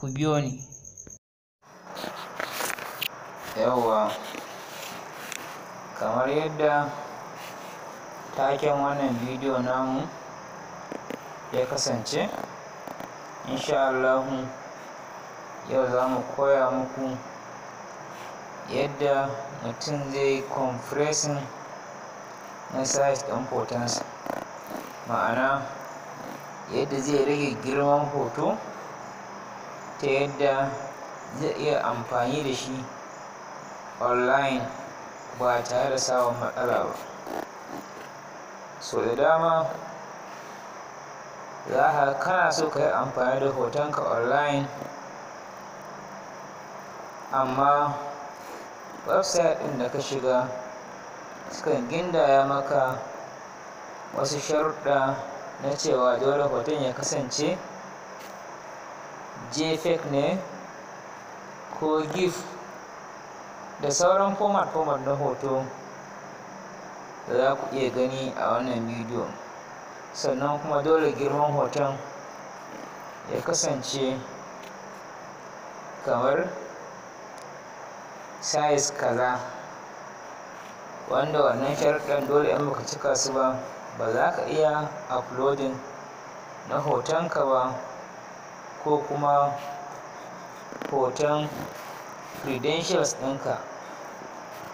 ku biyo ni yawwa kamar yadda taken wannan bidiyo namu ya kasance insha Allahu yau za mu koya muku yadda mutum zai compressing na size ɗin hotonsa ma'ana yadda zai rage girman hoto ta yadda zai iya amfani da shi online ba tare da samun matsala ba so da dama za ka kana so ka yi amfani da hotonka online amma website ɗin da ka shiga sukan gindaya maka wasu sharuɗa na cewa dole hoton ya kasance jpeg ne ko gif da sauran format format na hoto da za ku iya gani a wannan bidiyo sannan kuma dole girman hoton ya kasance kamar size kaza wanda wannan sharaɗin dole in baka cika su ba ba za ka iya uploading na hotonka ba ko kuma hoton credentials ɗinka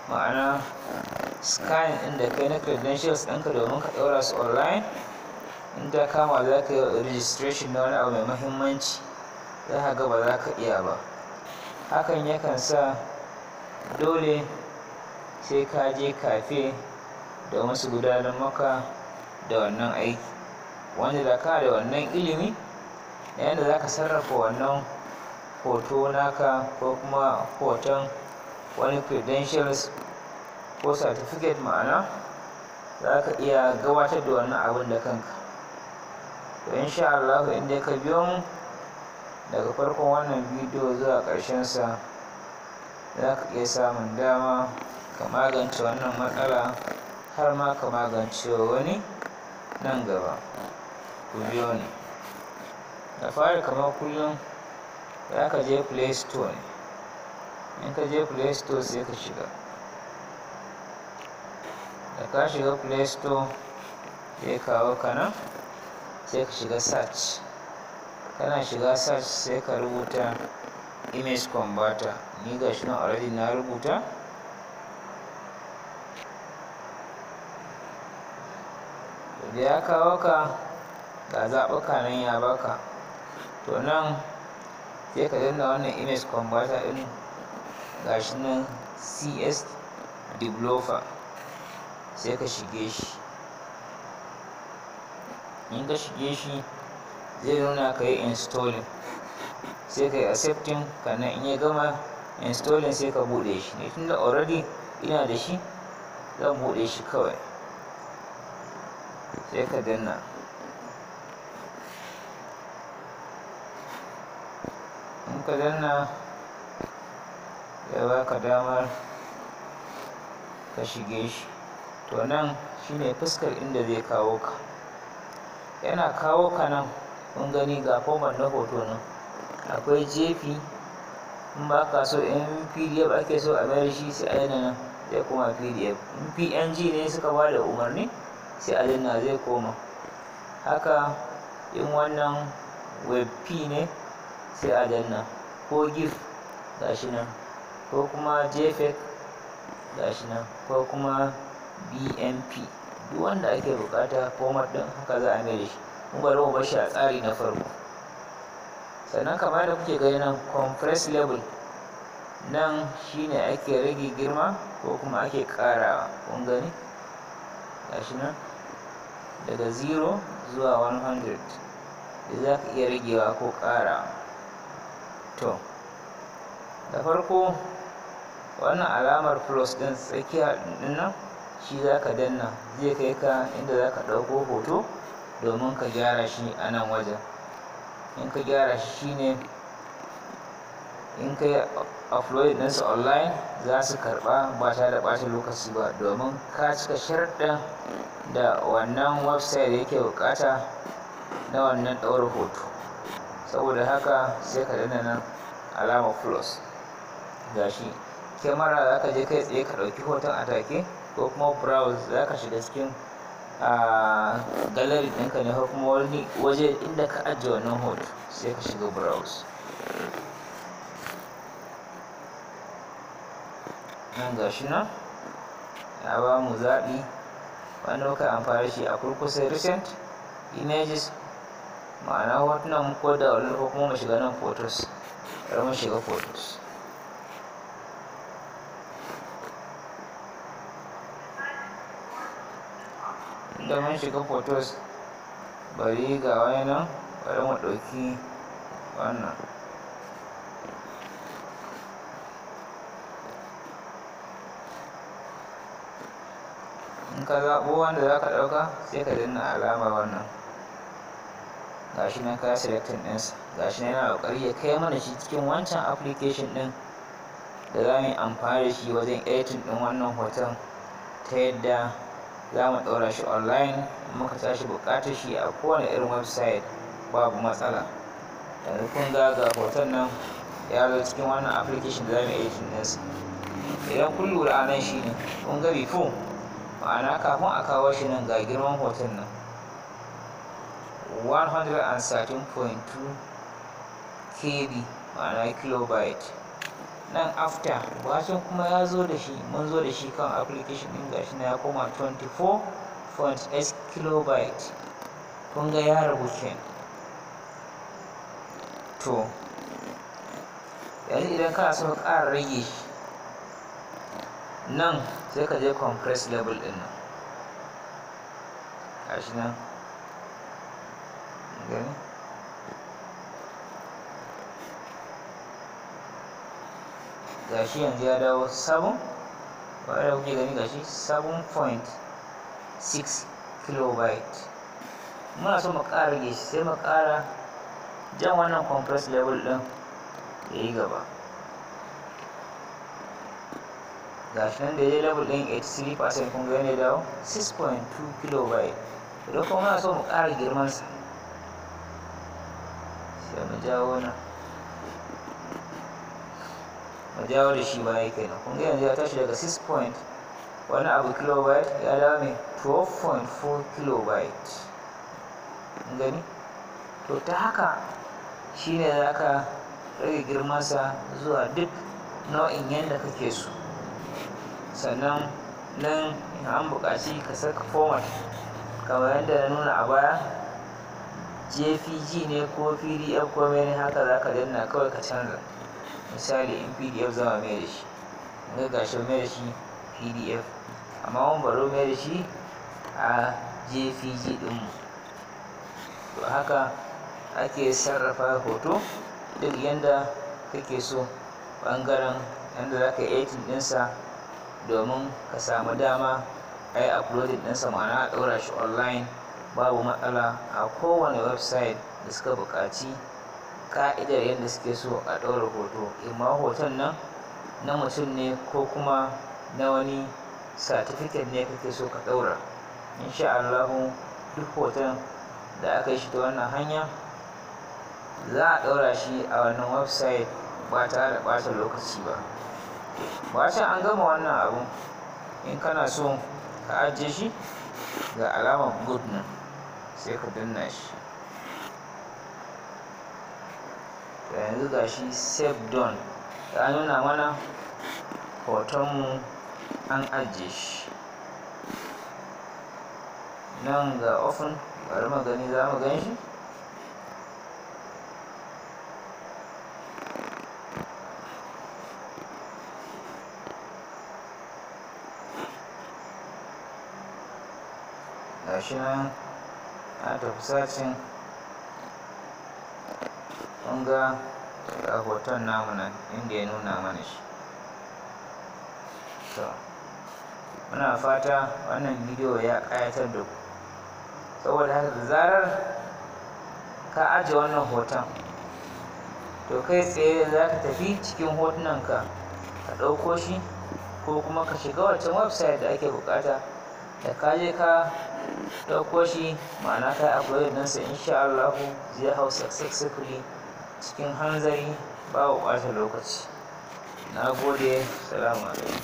ma'ana scan ɗin da kai na credentials ɗinka domin ka ɗaura su online in ta kama za ka yi registration na wani abu mai mahimmanci za ka ga ba za ka iya ba hakan yakan sa dole sai ka je kafe domin su gudanar maka da wannan aiki wanda da ka da wannan ilimi na da za ka sarrafa wannan hoto naka ko kuma hoton wani credentials ko certificate ma'ana za ka iya gabatar da wannan abin da kanka to sha Allah inda ka biyo mu daga farkon wannan bidiyo zuwa ƙarshensa za ka iya samun dama ka magance wannan matsala har ma ka magance wani nan gaba ku biyo ni da fara kamar kullum za ka je play store ne in ka je play store sai ka shiga da ka shiga play store zai kawo kana sai ka shiga search kana shiga search sai ka rubuta image converter ni ga shi nan already na rubuta da ya kawo ka ga zaɓuka nan ya baka to nan sai ka danna wannan image converter din gashi nan cs developer sai ka shige shi in ka shige shi zai nuna ka yi installing sai ka yi accepting na in ya gama installing sai ka buɗe shi ne tunda already ina da shi zan buɗe shi kawai sai ka danna ka danna ya ba ka damar ka shige shi to nan shine fuskar inda zai kawo ka yana kawo ka nan kun gani ga fomar na hoto nan akwai jefi in ba ka so in pdf ake so a bayar shi sai a yana nan zai koma pdf in png ne suka ba da umarni sai a danna zai koma haka in wannan WebP ne sai a danna ko gif shi nan ko kuma ga shi nan ko kuma bmp duk wanda ake bukata format din haka za a mai da shi mun bari mu shi a tsari na farko sannan kamar da kuke gani nan compress level nan shine ake rage girma ko kuma ake karawa kun gani shi nan daga 0 zuwa 100 da za ka iya ragewa ko karawa to da farko wannan alamar plus din tsakiya din nan shi za ka danna zai kai ka inda za ka ɗauko hoto domin ka gyara shi a nan wajen in ka gyara shi shine in ka yi upload ɗinsu online za su karɓa ba ta da ɓata lokaci ba domin ka cika sharɗin da wannan website yake bukata na wannan ɗaura hoto saboda haka sai ka dana nan alama plus gashi kyamara za ka je kai tsaye ka dauki hoton a take ko kuma browse za ka shiga cikin a gallery ɗinka ne ko kuma wani waje inda ka ajiye wannan hoto sai ka shiga browse nan shi nan ya ba mu zaɓi wanda muka amfani shi a kurkusa recent images ma'ana hotunan mu ko da wani ko kuma mu shiga nan photos bari mu shiga photos idan man shiga photos bari ga wani nan bari mu ɗauki wannan in ka zaɓo wanda za ka ɗauka sai ka danna alama wannan gashi nan ka selecting ɗinsa gashi nan yana ƙoƙari ya kai mana shi cikin wancan application ɗin da za mu yi amfani da shi wajen editing ɗin wannan hoton ta yadda za mu ɗora shi online muka tashi buƙatar shi a kowane irin website babu matsala yanzu kun ga ga hoton nan ya zo cikin wannan application da za mu editing ɗinsa idan kun lura nan shi ne kun ga before ma'ana kafin a kawo shi nan ga girman hoton nan 113.2 kb ma'ana kilobyte nan after bacin kuma ya zo da shi mun zo da shi kan application din gashi na ya koma 24.8 kilobyte kun ga ya rabu to yanzu idan ka so ƙara rage shi nan sai ka je compress level din nan gashi nan gani gashi yanzu ya dawo sabon wadda kuke gani gashi 7.6 kilobyte muna so mu ƙara rage sai mu ƙara jan wannan compress level ɗin ya yi gaba gashi nan da ya level ɗin 83% kun gani ya dawo 6.2 kilobyte idan kuma muna so mu ƙara sa. jawo da shi baya kenan kun ga yanzu ya tashi daga 6 point wani abu kilobyte ya dawo mai 12.4 kilobyte gani to ta haka shine za ka rage girmansa zuwa duk nau'in yadda kake so sannan nan an buƙaci ka saka format kamar yadda na nuna a baya jpg ne ko pdf ko mene haka za ka danna kawai ka canza misali in pdf zama mai da shi ga gashin mai da shi pdf amma wani baro mai da shi a jpg dinmu to haka ake sarrafa hoto duk yanda kake so ɓangaren yanda za ka yi editing ɗinsa domin ka samu dama a yi uploading ɗinsa ma'ana a ɗora shi online babu matsala a kowane website da suka buƙaci ka'idar yadda suke so a ɗaura hoto imma hoton nan na mutum ne ko kuma na wani satifiket ne kake so ka ɗaura insha Allahu duk hoton da aka yi shi ta wannan hanya za a ɗaura shi a wannan website ba tare da ɓata lokaci ba bacin an gama wannan abu in kana so ka ajiye shi ga alamar good nan sai ka danna shi da yanzu ga shi save done ta nuna mana hoton mu an ajiye shi nan ga ofin bari magani za mu gan shi gashi nan na tafi sacin kun ga ga hoton namu nan inda ya nuna mana shi to muna fata wannan bidiyo ya ƙayatar da ku saboda haka da zarar ka aje wannan hoton to kai tsaye za ka tafi cikin hotunan ka ka ɗauko shi ko kuma ka shiga wancan website da ake buƙata da ka je ka ɗauko shi ma'ana kai uploading ɗinsa insha Allah zai hau successfully cikin hanzari ba wa ɓata lokaci na gode salamu alaikum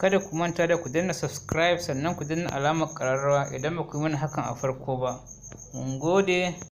kada ku manta da ku danna subscribe sannan ku danna alamar ƙararrawa idan ba ku yi mana hakan a farko ba mun gode